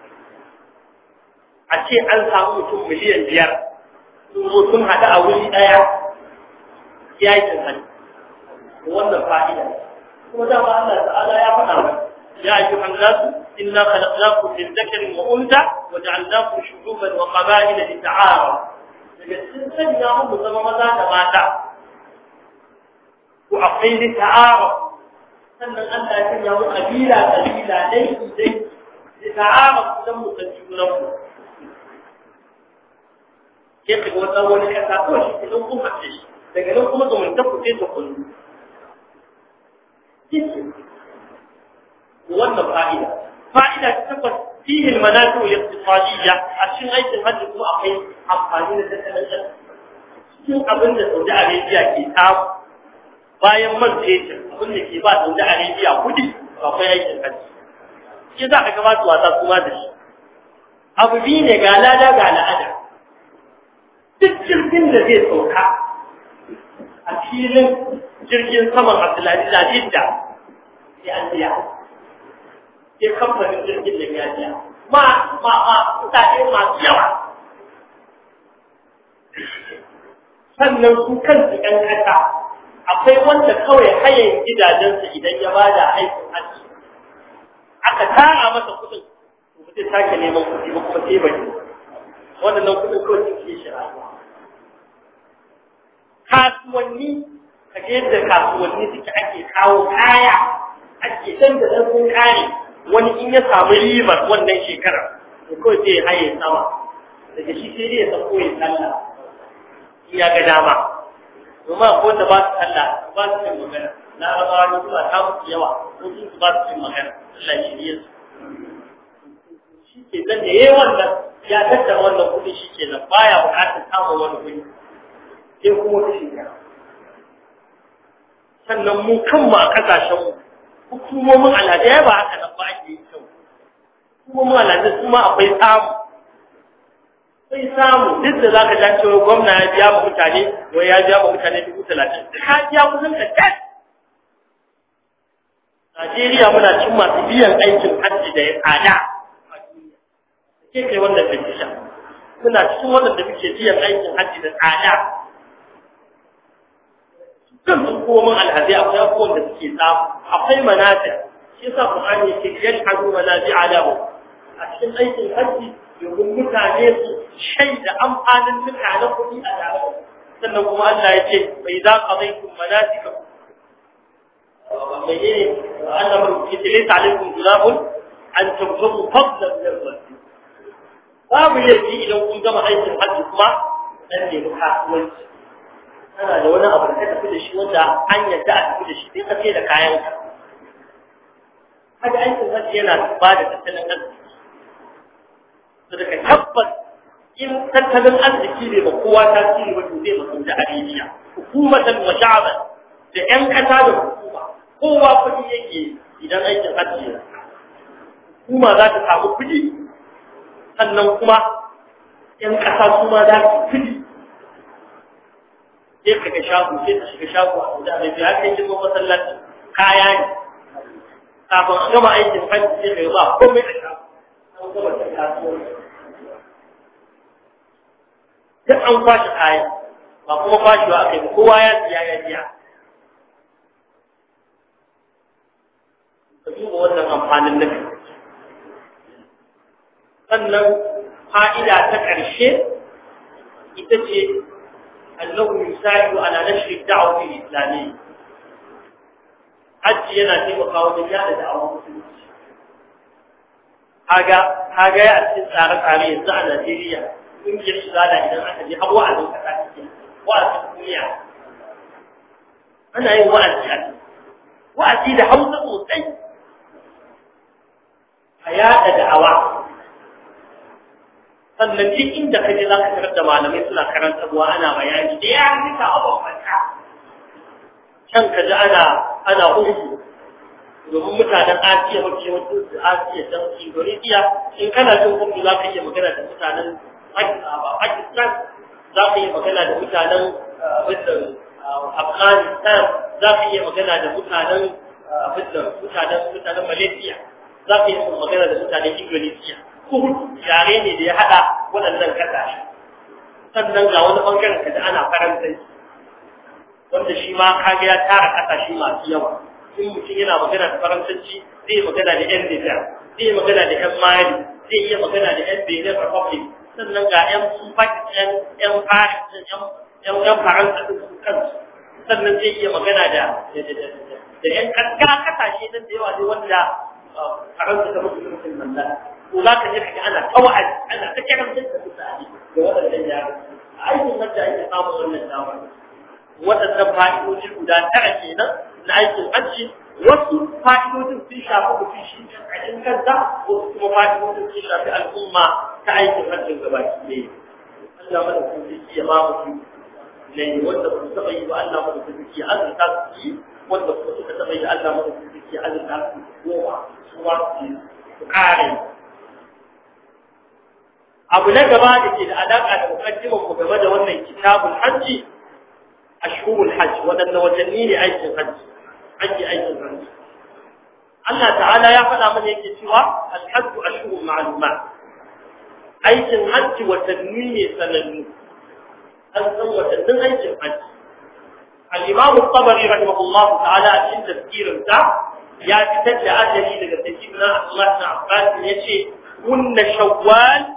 a ce an samu mutum miliyan biyar sun zo sun haɗu a wuri ɗaya ya yi tunani wannan fa'ida kuma dama Allah ta'ala ya faɗa ba ya yi ayyuhan nasu inna khalaqnakum min dhakarin wa unsa wa ja'alnakum shu'uban wa qaba'ila lita'arafu daga cikin sanya mu zama maza da mata ku akwai lita'arafu sannan Allah ya sanya mu kabila kabila dai dai lita'arafu dan mu san junanmu sai ka wata wani kasa kawai shi kusan kuma ce shi daga nan kuma zumunta ku sai ta kullu wannan fa'ida fa'ida ta tabbas fihi al-manafi al-iqtisadiyya a cikin aikin hajji kuma akwai amfani da tattalin arziki cikin abin da Saudi Arabia ke samu bayan man fetur abin da ke ba Saudi Arabia kudi akwai aikin hajji shi za ka gabata wasa kuma da shi abu biyu ne ga lada ga al'ada. duk jirgin da zai sauka a filin jirgin saman Abdullahi da Jidda sai an kamfanin jirgin da ya biya ma ma ma masu yawa sannan su su ɗan kasa akwai wanda kawai hayan gidajensa idan ya ba da aikin hajji aka tara masa kuɗin mutum sake neman kuɗi ba kuma sai bai waɗannan kuɗin kawai sun ke shi rayuwa kasuwanni ka ga yadda kasuwanni suke ake kawo kaya ake canza ɗan kare wani in ya samu ribar wannan shekarar to kawai sai ya haye sama daga shi sai dai ya sako ya sallah ya ga dama domin ko wanda ba su sallah ba su yin magana na rabawa ne kuma ta musu yawa ko sun su ba su yin magana sallah shi ne su shi ke zan da yawan wannan ya tattara wannan kuɗi shi ke nan baya buƙatar samun wani kuɗi sai kuma ta ya sannan mu kanmu a ƙasashenmu hukumomin alhaji ya ba haka nan ba ake yi kyau hukumomin alhaji su ma akwai samu sai samu duk da za ka ja cewa gwamna ya biya ma mutane wai ya biya ma mutane dubu talatin ka biya kusan da tas Najeriya muna cin masu biyan aikin hajji da ya tsada sai kai wannan bincika muna cikin waɗanda muke biyan aikin hajji da tsada kan hukumomin alhazi akwai abubuwan da suke samu akwai manafi shi sa Qur'ani yake yan hadu manafi alahu a cikin aikin hajji domin mutane su shaida amfanin mutanen kuɗi a tare sannan kuma Allah ya ce bai za ka zai kun manafi ka bayyane Allah mai yake laisa alaikum zulabun an tabbabu fadlan min babu laifi idan kun gama aikin hajji kuma dan ne mu kasuwanci kana da wani abu da ka tafi da shi wanda an yadda a tafi da shi sai ka ce da kayan ka haka aikin hajji yana ba da tattalin arziki to daga tabbas in tattalin arziki ne ba kowa ta ci ba to zai mutum da arabiya hukumatan wa sha'ban da yan kasa da hukuma kowa kuɗi yake idan aikin hajji hukuma za ta samu kuɗi sannan kuma ‘yan ƙasa su ma za su fi ne ka ga shago ce ka shiga shago a mai abin ya kai jirgin masallaci kaya ne kafin an gama aikin hajji sai mai yi ba komai da shago an gama da kasuwanci duk an kwashe kayan, ba kuma kwashewa aka yi kowa ya siya ya biya ka duba wannan amfanin na sannan fa'ida ta ƙarshe ita ce annahu yusa'idu ala nashri da'wati al-islamiyya hajji yana taimaka wajen yada da'awar musulunci kaga kaga a cikin tsare-tsare yanzu a Najeriya ƙungiyar Izala idan aka je har wa'azin kasa cikin wa'azin duniya ana yin wa'azi a wa'azi da Hausa sosai a yada da'awa sannan duk inda kaje za ka tarar da malamai suna karanta ruwa ana bayani da ya rika abubuwanka can kaji ana ana uku domin mutanen asiya mafi yawancin su asiya don indonesia in kana jin uku za ka iya magana da mutanen pakistan za ka iya magana da mutanen uh, uh, afghanistan za ka iya magana da mutanen uh, mutanen mutanen malaysia za ka iya magana da mutanen indonesia kuhu yare ne da ya haɗa waɗannan kasashe sannan ga wani ɓangaren kada ana faransanci wanda shi ma kaga ya tara kasashe masu yawa in mutum yana magana da faransanci zai magana da yan nijar zai magana da yan mali zai iya magana da yan benin republic sannan ga yan pakistan yan pakistan yan yan faransa da su kansu sannan zai iya magana da da yan kasashe nan da yawa ne wanda uh, faransa ta mutu mutum nan Kula ka je ka ana kawai ana ta kiran sun ka tsari da wadannan yaro aikin hajji ake samun wannan dama wadannan fa'idoji guda tara kenan na aikin hajji wasu fa'idojin sun shafi mutum shi kan kanta wasu kuma fa'idojin sun shafi al'umma ta aikin hajji gaba ki ne Allah mana kun ji ya ma mutum ne wanda ku taba yi wa Allah azurta su Allah azurta su su abu na gaba da ke da alaƙa da mukaddimar ku game da wannan kitabul hajji ashhurul hajj wadanne watanni ne aikin hajji aiki aikin hajji Allah ta'ala ya faɗa mana yake cewa al-hajj ashhurul ma'lumat aikin hajji watanni ne sanannu an san watannin aikin hajji al-imam at-tabari rahimahullah ta'ala a cikin tafsirin sa ya fitar da ajali daga tafsirin Allah ta'ala ce, kunna shawwal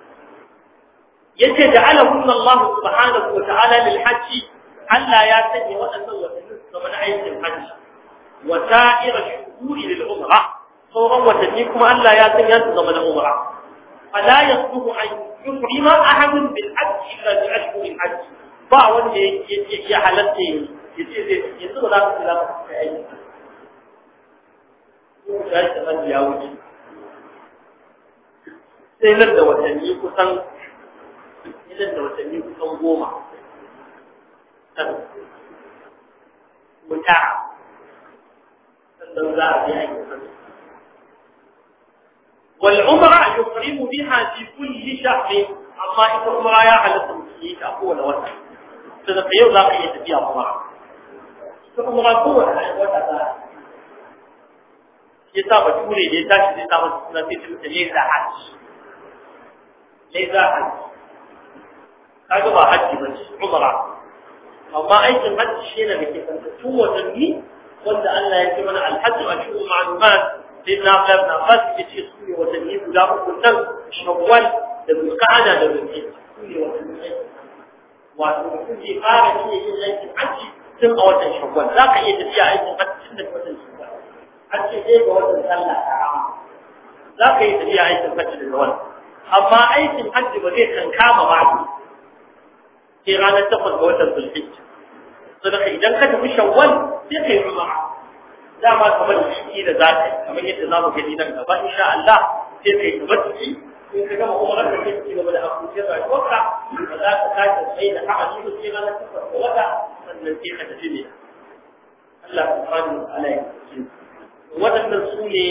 yace ja'alahum Allah subhanahu wa ta'ala lil hajj alla ya sanya waɗannan watanni su zama ayyi aikin hajji wa sa'ir shuhuri lil umra wa watanni kuma alla ya sanya ya zama na umra fala yasbuhu an yuqima ahadun bil hajj illa bi ashhur al hajj ba wanda yake yake halatta yake zai yanzu ba da ku kula ba kai aiki da da ya wuce sai da da watanni kusan nan da watanni kusan goma والعمرة يقرم بها في كل شهر أما إذا عمرة يا على التمسيك أقول وسع تذكير لا قيد فيها عمرة عمرة قوة يتابع تقولي ليتاش ليتابع تسنتي تمسي ليس حج ليس حج اقضى حج بس عمره او ما اي كان حج شينا لك فانتو وتنجي قلت ان لا يتمنع الحج واشوف معلومات لنا قبلنا فاس في تشيسوي وتنجي بلا ربو التنج شنقوان لبو القعدة لبو التنجي وفي قارة هي اللي يتم حج تم او تنجي شنقوان لا قيد فيها اي كان حج شينا لك حج هيك هو تنسلع لا قيد فيها اي كان حج للون اما اي كان حج وديك كان كاما معدو sai ranar takwas ga watan zulhijja saboda idan ka tafi shawwal sai kai umara dama kamar shi da zafi kamar yadda za mu gani nan gaba insha Allah sai kai tabbati in ka gama umara ka kai ci gaba da abubuwan rayuwarka ba za ka sake sai da ha'ali ba sai ranar takwas ga sannan sai ka tafi ne Allah subhanahu wa ta'ala ya su ne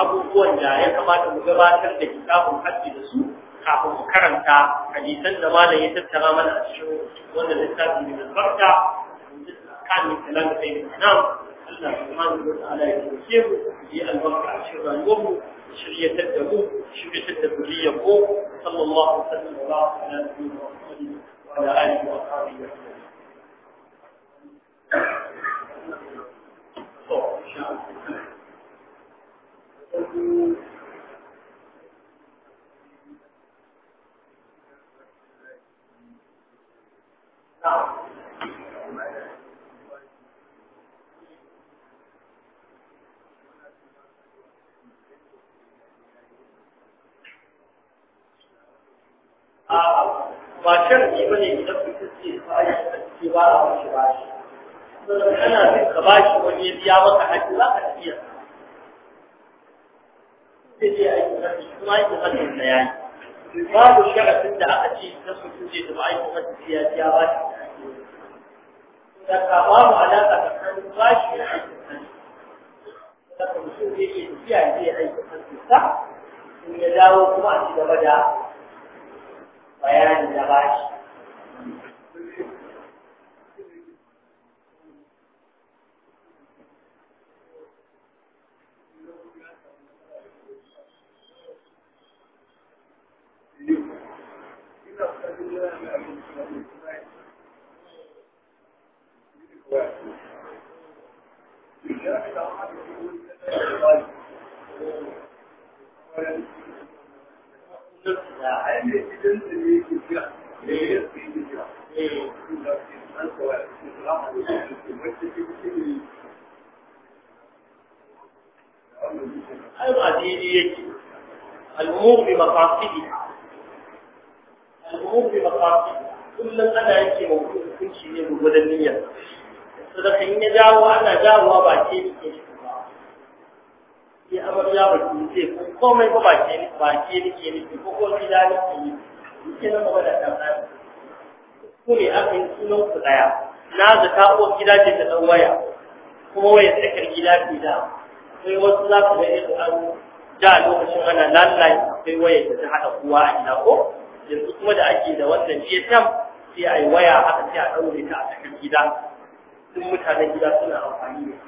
abubuwan da ya kamata mu gabatar da kitabun hajji da su kafin mu karanta hadisan da malam ya tattara mana a cikin wannan littafi mai albarka kan misalan da kai nan Allah subhanahu wata ta'ala ya tsare mu yi albarka a cikin rayuwar mu shirye ta da mu shirye ta da kuliyar mu sallallahu alaihi wa sallam wa ala alihi wa sahbihi ba sharki ba ne idan mutum ce ba ya ce ba a mashi ba shi sannan kana bin ka ba shi wani ya biya maka haƙi za ka iya sai dai a yi shi kuma yi zafi na yayi babu sharafin da aka ce da ba a yi kuma zafi ya biya ba shi da kama mu alaƙa tsakanin ba shi da aikin zafi da mutum zai iya tafiya zai aikin zafi ta. in ya dawo kuma a ci gaba da bayanin da ba shi ya mutu ce komai ba baki ne baki ne ke ne ko ko gida ne ke ne ke na ba da tsaya ku ne kan sunan ku daya na da ta ko gida ce ta dan waya kuma waya tsakar gida ce da sai wasu za ku ga irin an da lokacin ana lalai akwai waya da ta hada kowa a gida ko yanzu kuma da ake da wannan GSM sai ai waya haka sai a daure ta a tsakar gida duk mutanen gida suna amfani da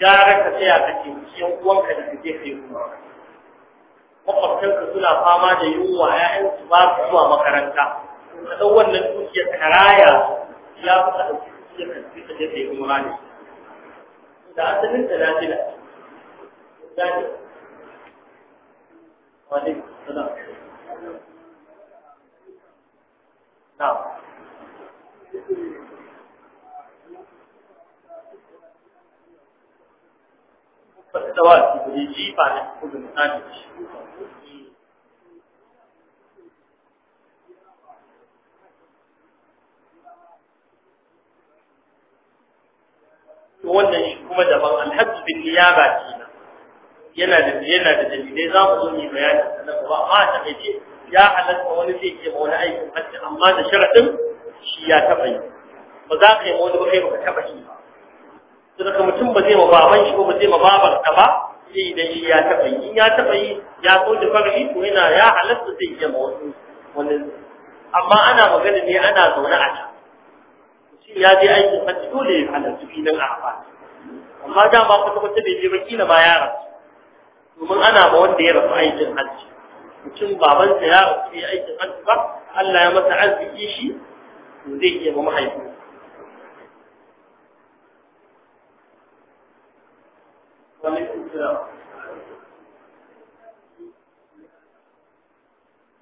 gara ka tsaya ka ce yan uwanka da ka kai kuma ka suna fama da yunwa ƴaƴan su ba su zuwa makaranta ka dau wannan dukiyar karaya ya fi ka ɗauki dukiyar ka tafi ka je kai kuma ne da asalin ta na jira gani wa alaikum salam na'am tsawa wannan shi kuma daban alhaji bin niyaba kenan yana da yana da dalilai za mu yi bayani sannan ba amma ta ce ya halatta wani zai ke ma wani aikin hajji amma da sharadin shi ya taba yi ba za ka yi wani ba kai ba ka taba ba daga mutum ba zai ma baban shi ba zai ma babar ka ba sai idan shi ya taɓa yi in ya taɓa yi ya so da far'i to yana ya halatta zai iya ma wasu wani amma ana magana ne ana zaune a can shi ya je aikin hajji dole ya nan a arfa amma dama kwata-kwata bai je ba kila ma ya rasu domin ana ba wanda ya rasu aikin hajji mutum babansa ya rasu ya aikin hajji ba Allah ya masa arziki shi zai iya ba mahaifinsa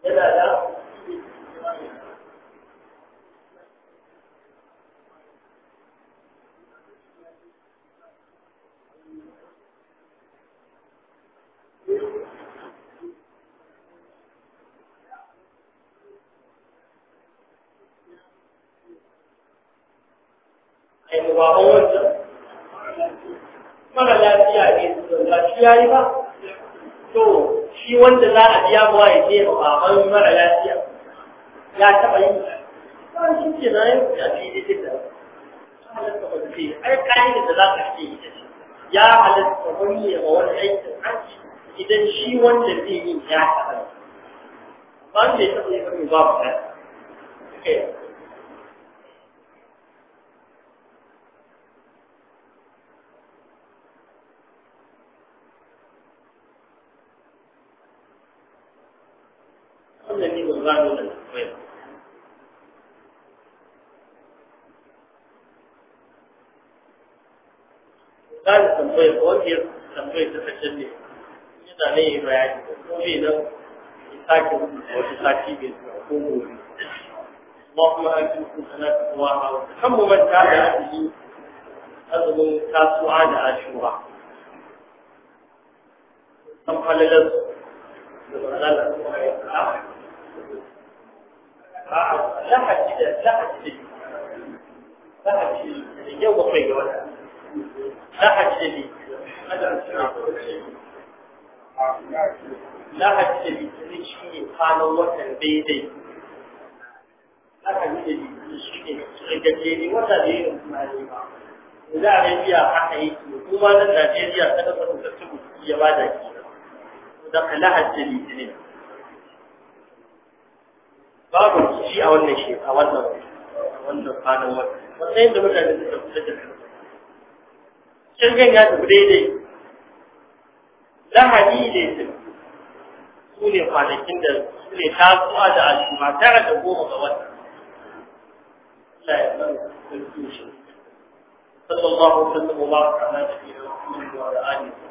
yana da yayi ba to shi wanda za a biya ba ya ce baban mara lafiya ya taɓa yin ba shi ke na yin ya fi yi duk da ai kayan da za ka ce ita ce ya halatta wani ya ba wani aikin idan shi wanda zai yi ya taɓa yi ba ne taɓa yi ba ba ba gano wannan tambayar misali tambayar wanda ya tambayar ta kashe ne yana ne ya bayani ko bai nan ya sake rubuta wata sati bai zuwa ko gobe اللهم أجلكم a أواها تحمما كان أهلي أظلم تاسعا عاشورا أم قال لك لا حد لا حد لا حد الجو بقي ولا لا حد لي لا حد لي شيء قال وطن بيدي لا حد لي شيء غدلي وطن za a rabiya haka yake kuma nan Najeriya ta kasar da su ya bada ki da kala hajji ne babu rikici a wannan shekara wannan wannan kwanan wata matsayin yadda mutane suka fita da kansu shirgan ya tafi daidai lahadi ne su su ne kwanakin da su ne tasowa da ashima tara da goma ga wata Allah ya zama da tushe sallallahu alaihi wa sallam wa baraka ala nabiyina Muhammad wa ala alihi